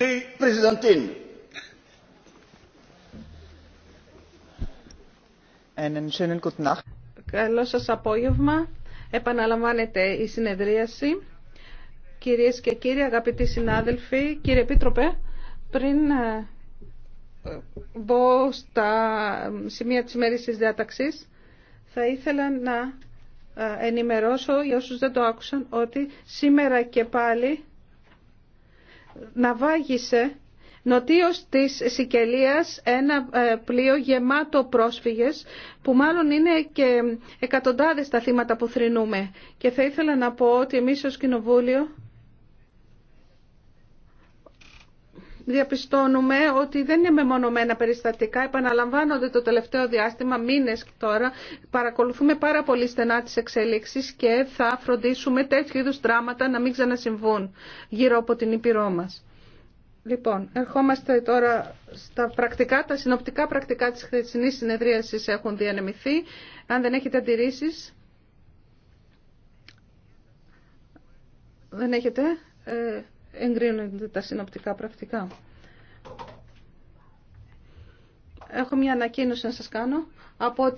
die Präsidentin. Einen schönen guten Nacht. Καλό σας απόγευμα. Επαναλαμβάνεται η συνεδρίαση. Κυρίες και κύριοι, αγαπητοί συνάδελφοι, κύριε Επίτροπε, πριν ε, μπω στα σημεία τη της θα ήθελα να ε, ενημερώσω για όσους δεν το άκουσαν ότι σήμερα και πάλι να βάγισε νοτίως της Σικελίας ένα ε, πλοίο γεμάτο πρόσφυγες που μάλλον είναι και εκατοντάδες τα θύματα που θρυνούμε. Και θα ήθελα να πω ότι εμείς ως Κοινοβούλιο διαπιστώνουμε ότι δεν είναι μεμονωμένα περιστατικά, επαναλαμβάνονται το τελευταίο διάστημα, μήνες τώρα. Παρακολουθούμε πάρα πολύ στενά τις εξελίξεις και θα φροντίσουμε τέτοιου είδους δράματα να μην ξανασυμβούν γύρω από την Ήπειρό μας. Λοιπόν, ερχόμαστε τώρα στα πρακτικά, τα συνοπτικά πρακτικά της χθεσινή συνεδρίασης έχουν διανεμηθεί. Αν δεν έχετε αντιρρήσεις, δεν έχετε... Ε, εγκρίνονται τα συνοπτικά πρακτικά. Έχω μια ανακοίνωση να σας κάνω από